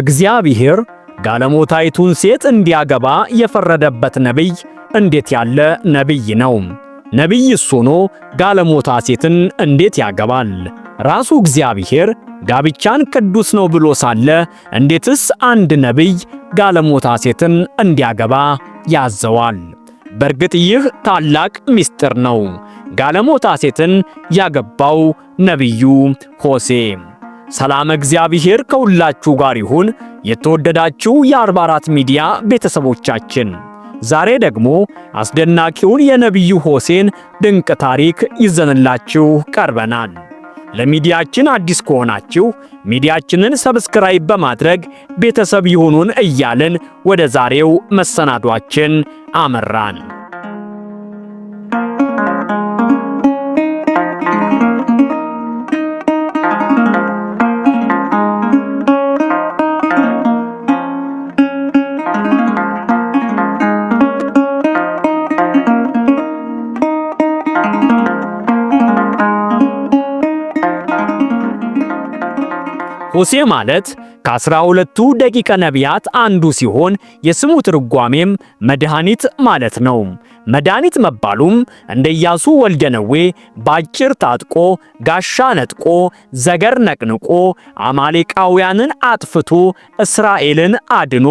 እግዚአብሔር ጋለሞታይቱን ሴት እንዲያገባ የፈረደበት ነቢይ እንዴት ያለ ነቢይ ነው? ነቢይ ሆኖ ጋለሞታ ሴትን እንዴት ያገባል? ራሱ እግዚአብሔር ጋብቻን ቅዱስ ነው ብሎ ሳለ እንዴትስ አንድ ነቢይ ጋለሞታ ሴትን እንዲያገባ ያዘዋል? በእርግጥ ይህ ታላቅ ምስጢር ነው። ጋለሞታ ሴትን ያገባው ነቢዩ ሆሴ ሰላም እግዚአብሔር ከሁላችሁ ጋር ይሁን። የተወደዳችሁ የ44 ሚዲያ ቤተሰቦቻችን ዛሬ ደግሞ አስደናቂውን የነቢዩ ሆሴን ድንቅ ታሪክ ይዘንላችሁ ቀርበናል። ለሚዲያችን አዲስ ከሆናችሁ ሚዲያችንን ሰብስክራይብ በማድረግ ቤተሰብ ይሁኑን እያልን ወደ ዛሬው መሰናዷችን አመራን። ሆሴ ማለት ከአስራ ሁለቱ ደቂቀ ነቢያት አንዱ ሲሆን የስሙ ትርጓሜም መድኃኒት ማለት ነው። መድኃኒት መባሉም እንደ ኢያሱ ወልደነዌ ባጭር ታጥቆ ጋሻ ነጥቆ ዘገር ነቅንቆ አማሌቃውያንን አጥፍቶ እስራኤልን አድኖ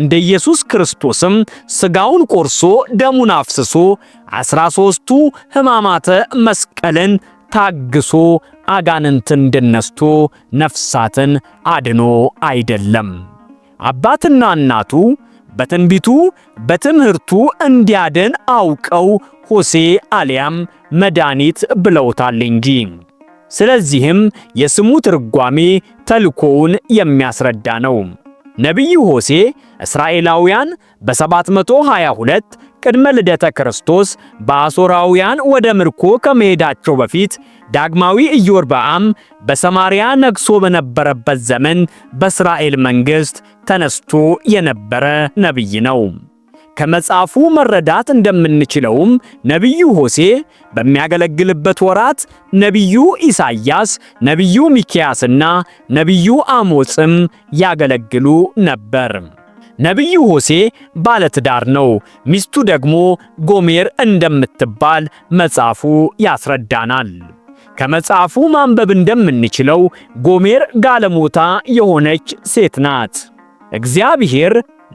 እንደ ኢየሱስ ክርስቶስም ስጋውን ቆርሶ ደሙን አፍስሶ አስራ ሦስቱ ሕማማተ መስቀልን ታግሶ አጋንንትን ድል ነስቶ ነፍሳትን አድኖ አይደለም። አባትና እናቱ በትንቢቱ በትምህርቱ እንዲያድን አውቀው ሆሴ አሊያም መድኃኒት ብለውታል እንጂ። ስለዚህም የስሙ ትርጓሜ ተልኮውን የሚያስረዳ ነው። ነቢዩ ሆሴ እስራኤላውያን በ722 ቅድመ ልደተ ክርስቶስ በአሦራውያን ወደ ምርኮ ከመሄዳቸው በፊት ዳግማዊ ኢዮርብዓም በሰማርያ ነግሶ በነበረበት ዘመን በእስራኤል መንግሥት ተነስቶ የነበረ ነቢይ ነው። ከመጽሐፉ መረዳት እንደምንችለውም ነቢዩ ሆሴ በሚያገለግልበት ወራት ነቢዩ ኢሳይያስ፣ ነቢዩ ሚኪያስና ነቢዩ አሞጽም ያገለግሉ ነበር። ነቢዩ ሆሴ ባለትዳር ነው። ሚስቱ ደግሞ ጎሜር እንደምትባል መጽሐፉ ያስረዳናል። ከመጽሐፉ ማንበብ እንደምንችለው ጎሜር ጋለሞታ የሆነች ሴት ናት። እግዚአብሔር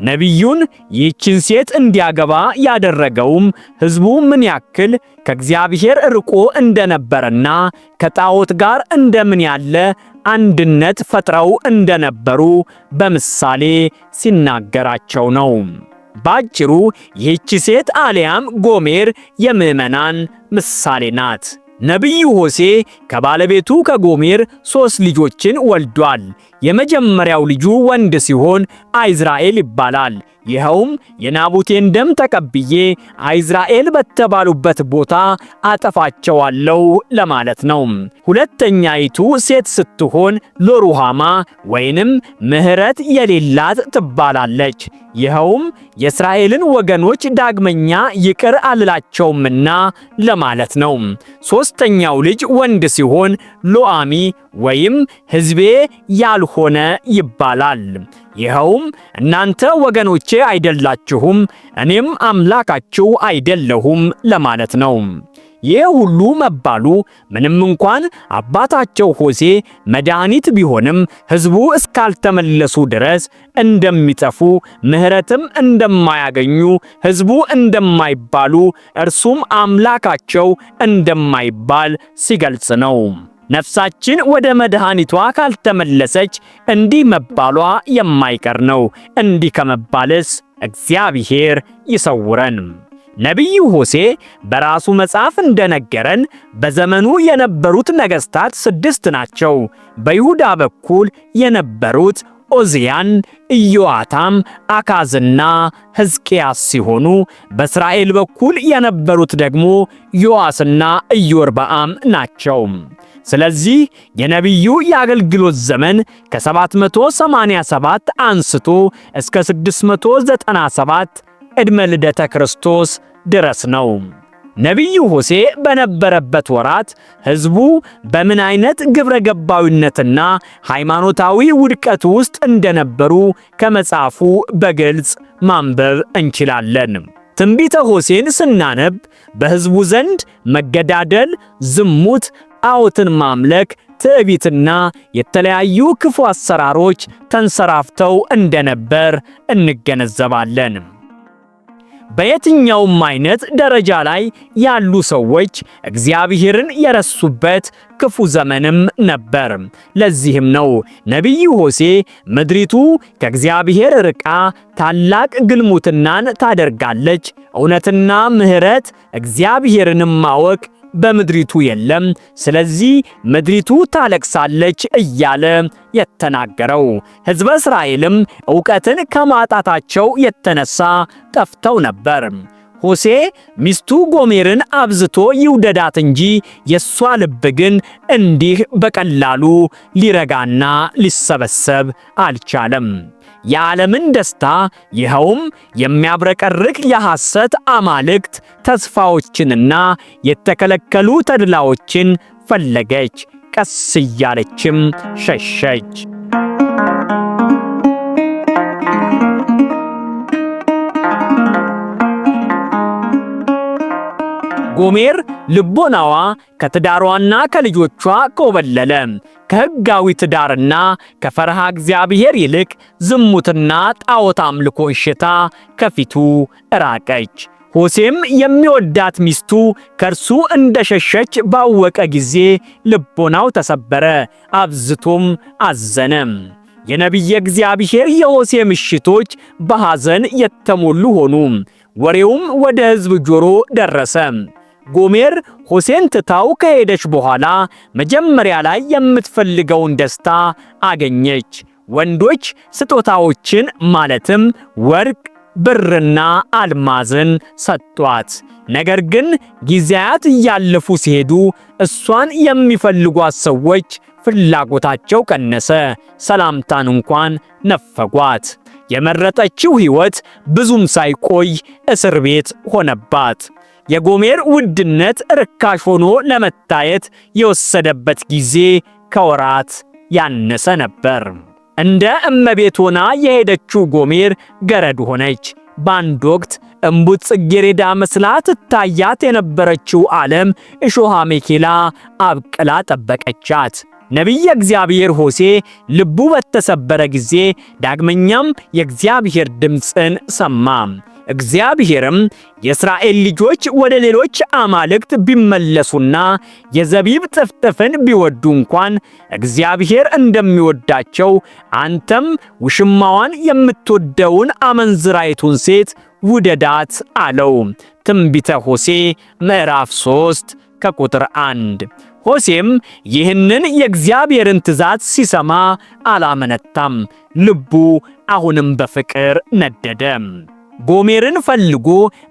ነቢዩን ይህችን ሴት እንዲያገባ ያደረገውም ሕዝቡ ምን ያክል ከእግዚአብሔር ርቆ እንደነበረና ከጣዖት ጋር እንደምን ያለ አንድነት ፈጥረው እንደነበሩ በምሳሌ ሲናገራቸው ነው። ባጭሩ ይህች ሴት አልያም ጎሜር የምዕመናን ምሳሌ ናት። ነቢዩ ሆሴ ከባለቤቱ ከጎሜር ሦስት ልጆችን ወልዷል። የመጀመሪያው ልጁ ወንድ ሲሆን አይዝራኤል ይባላል። ይኸውም የናቡቴን ደም ተቀብዬ አይዝራኤል በተባሉበት ቦታ አጠፋቸዋለሁ ለማለት ነው። ሁለተኛይቱ ሴት ስትሆን ሎሩሃማ ወይንም ምሕረት የሌላት ትባላለች። ይኸውም የእስራኤልን ወገኖች ዳግመኛ ይቅር አልላቸውምና ለማለት ነው። ሦስተኛው ልጅ ወንድ ሲሆን ሎአሚ ወይም ሕዝቤ ያልሆነ ይባላል። ይኸውም እናንተ ወገኖቼ አይደላችሁም፣ እኔም አምላካችሁ አይደለሁም ለማለት ነው። ይህ ሁሉ መባሉ ምንም እንኳን አባታቸው ሆሴ መድኃኒት ቢሆንም ሕዝቡ እስካልተመለሱ ድረስ እንደሚጠፉ ምሕረትም እንደማያገኙ ሕዝቡ እንደማይባሉ እርሱም አምላካቸው እንደማይባል ሲገልጽ ነው። ነፍሳችን ወደ መድኃኒቷ ካልተመለሰች እንዲህ መባሏ የማይቀር ነው። እንዲህ ከመባልስ እግዚአብሔር ይሰውረን። ነቢዩ ሆሴ በራሱ መጽሐፍ እንደነገረን በዘመኑ የነበሩት ነገሥታት ስድስት ናቸው። በይሁዳ በኩል የነበሩት ኦዚያን፣ ኢዮአታም፣ አካዝና ሕዝቅያስ ሲሆኑ በእስራኤል በኩል የነበሩት ደግሞ ዮአስና ኢዮርብዓም ናቸው። ስለዚህ የነቢዩ የአገልግሎት ዘመን ከ787 አንስቶ እስከ 697 ዕድመ ልደተ ክርስቶስ ድረስ ነው። ነቢዩ ሆሴ በነበረበት ወራት ሕዝቡ በምን ዓይነት ግብረ ገባዊነትና ሃይማኖታዊ ውድቀት ውስጥ እንደነበሩ ከመጽሐፉ በግልጽ ማንበብ እንችላለን። ትንቢተ ሆሴን ስናነብ በሕዝቡ ዘንድ መገዳደል፣ ዝሙት፣ ጣዖትን ማምለክ ትዕቢትና የተለያዩ ክፉ አሰራሮች ተንሰራፍተው እንደነበር እንገነዘባለን። በየትኛውም አይነት ደረጃ ላይ ያሉ ሰዎች እግዚአብሔርን የረሱበት ክፉ ዘመንም ነበር። ለዚህም ነው ነቢዩ ሆሴ ምድሪቱ ከእግዚአብሔር ርቃ ታላቅ ግልሙትናን ታደርጋለች፣ እውነትና ምሕረት እግዚአብሔርንም ማወቅ በምድሪቱ የለም፣ ስለዚህ ምድሪቱ ታለቅሳለች እያለ የተናገረው። ሕዝበ እስራኤልም ዕውቀትን ከማጣታቸው የተነሳ ጠፍተው ነበር። ሆሴ ሚስቱ ጎሜርን አብዝቶ ይውደዳት እንጂ የእሷ ልብ ግን እንዲህ በቀላሉ ሊረጋና ሊሰበሰብ አልቻለም። የዓለምን ደስታ ይኸውም የሚያብረቀርቅ የሐሰት አማልክት ተስፋዎችንና የተከለከሉ ተድላዎችን ፈለገች፣ ቀስ እያለችም ሸሸች። ጎሜር ልቦናዋ ከትዳሯና ከልጆቿ ኮበለለ። ከሕጋዊ ትዳርና ከፈረሃ እግዚአብሔር ይልቅ ዝሙትና ጣዖት አምልኮ እሽታ ከፊቱ ራቀች። ሆሴም የሚወዳት ሚስቱ ከእርሱ እንደሸሸች ባወቀ ጊዜ ልቦናው ተሰበረ፣ አብዝቶም አዘነም። የነቢየ እግዚአብሔር የሆሴ ምሽቶች በሐዘን የተሞሉ ሆኑ። ወሬውም ወደ ሕዝብ ጆሮ ደረሰ። ጎሜር ሁሴን ትታው ከሄደች በኋላ መጀመሪያ ላይ የምትፈልገውን ደስታ አገኘች። ወንዶች ስጦታዎችን ማለትም ወርቅ፣ ብርና አልማዝን ሰጧት። ነገር ግን ጊዜያት እያለፉ ሲሄዱ እሷን የሚፈልጓት ሰዎች ፍላጎታቸው ቀነሰ። ሰላምታን እንኳን ነፈጓት። የመረጠችው ሕይወት ብዙም ሳይቆይ እስር ቤት ሆነባት። የጎሜር ውድነት ርካሽ ሆኖ ለመታየት የወሰደበት ጊዜ ከወራት ያነሰ ነበር። እንደ እመቤት ሆና የሄደችው ጎሜር ገረድ ሆነች። በአንድ ወቅት እምቡጥ ጽጌሬዳ መስላ ትታያት የነበረችው ዓለም እሾሃ ሜኬላ አብቅላ ጠበቀቻት። ነቢየ እግዚአብሔር ሆሴ ልቡ በተሰበረ ጊዜ ዳግመኛም የእግዚአብሔር ድምፅን ሰማ። እግዚአብሔርም የእስራኤል ልጆች ወደ ሌሎች አማልክት ቢመለሱና የዘቢብ ጥፍጥፍን ቢወዱ እንኳን እግዚአብሔር እንደሚወዳቸው አንተም ውሽማዋን የምትወደውን አመንዝራይቱን ሴት ውደዳት አለው። ትንቢተ ሆሴ ምዕራፍ 3 ከቁጥር 1። ሆሴም ይህንን የእግዚአብሔርን ትእዛዝ ሲሰማ አላመነታም። ልቡ አሁንም በፍቅር ነደደ። ጎሜርን ፈልጉ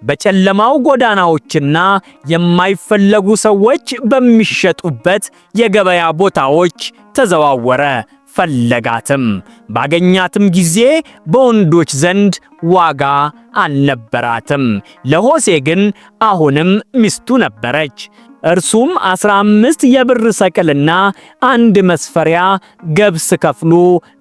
በጨለማው ጎዳናዎችና የማይፈለጉ ሰዎች በሚሸጡበት የገበያ ቦታዎች ተዘዋወረ። ፈለጋትም፣ ባገኛትም ጊዜ በወንዶች ዘንድ ዋጋ አልነበራትም። ለሆሴ ግን አሁንም ሚስቱ ነበረች። እርሱም አምስት የብር ሰቅልና አንድ መስፈሪያ ገብስ ከፍሎ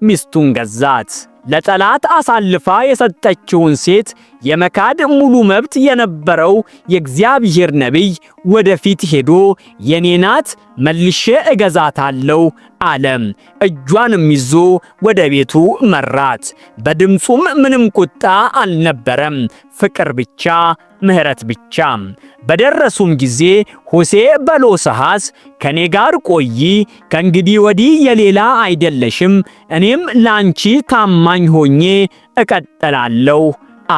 ሚስቱን ገዛት። ለጠላት አሳልፋ የሰጠችውን ሴት የመካድ ሙሉ መብት የነበረው የእግዚአብሔር ነቢይ ወደፊት ሄዶ የኔ ናት መልሼ እገዛታለሁ አለም። እጇንም ይዞ ወደ ቤቱ መራት። በድምፁም ምንም ቁጣ አልነበረም፣ ፍቅር ብቻ፣ ምህረት ብቻ። በደረሱም ጊዜ ሆሴ በሎሰሃስ ከኔ ጋር ቆይ፣ ከእንግዲህ ወዲህ የሌላ አይደለሽም፣ እኔም ላንቺ ታማኝ ሆኜ እቀጥላለሁ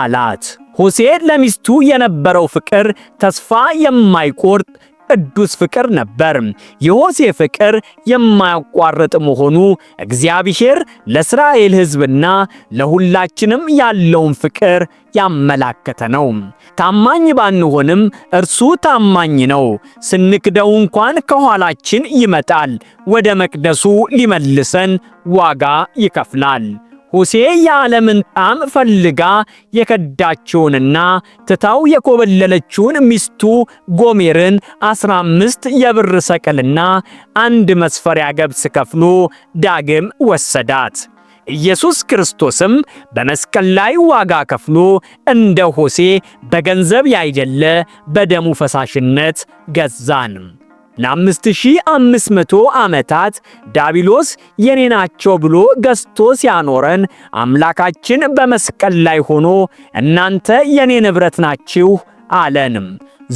አላት። ሆሴ ለሚስቱ የነበረው ፍቅር ተስፋ የማይቆርጥ ቅዱስ ፍቅር ነበር። የሆሴ ፍቅር የማያቋርጥ መሆኑ እግዚአብሔር ለእስራኤል ሕዝብና ለሁላችንም ያለውን ፍቅር ያመላከተ ነው። ታማኝ ባንሆንም እርሱ ታማኝ ነው። ስንክደው እንኳን ከኋላችን ይመጣል፣ ወደ መቅደሱ ሊመልሰን ዋጋ ይከፍላል። ሁሴ የዓለምን ጣም ፈልጋ የከዳችውንና ትታው የኮበለለችውን ሚስቱ ጎሜርን 15 የብር ሰቅልና አንድ መስፈሪያ ገብስ ከፍሎ ዳግም ወሰዳት። ኢየሱስ ክርስቶስም በመስቀል ላይ ዋጋ ከፍሎ እንደ ሆሴ በገንዘብ ያይደለ በደሙ ፈሳሽነት ገዛንም። ለ5500 ዓመታት ዳቢሎስ የኔ ናቸው ብሎ ገዝቶ ሲያኖረን አምላካችን በመስቀል ላይ ሆኖ እናንተ የኔ ንብረት ናችሁ አለንም።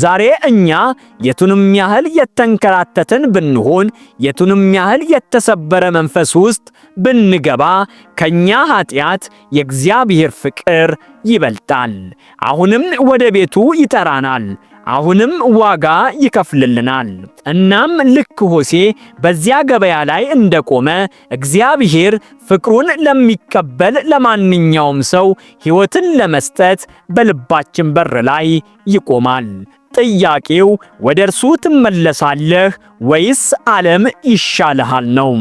ዛሬ እኛ የቱንም ያህል የተንከራተትን ብንሆን የቱንም ያህል የተሰበረ መንፈስ ውስጥ ብንገባ ከኛ ኃጢአት የእግዚአብሔር ፍቅር ይበልጣል። አሁንም ወደ ቤቱ ይጠራናል። አሁንም ዋጋ ይከፍልልናል። እናም ልክ ሆሴ በዚያ ገበያ ላይ እንደቆመ እግዚአብሔር ፍቅሩን ለሚቀበል ለማንኛውም ሰው ሕይወትን ለመስጠት በልባችን በር ላይ ይቆማል። ጥያቄው ወደ እርሱ ትመለሳለህ ወይስ ዓለም ይሻልሃል ነው።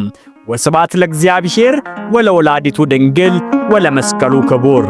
ወስባት ለእግዚአብሔር ወለወላዲቱ ድንግል ወለመስቀሉ ክቡር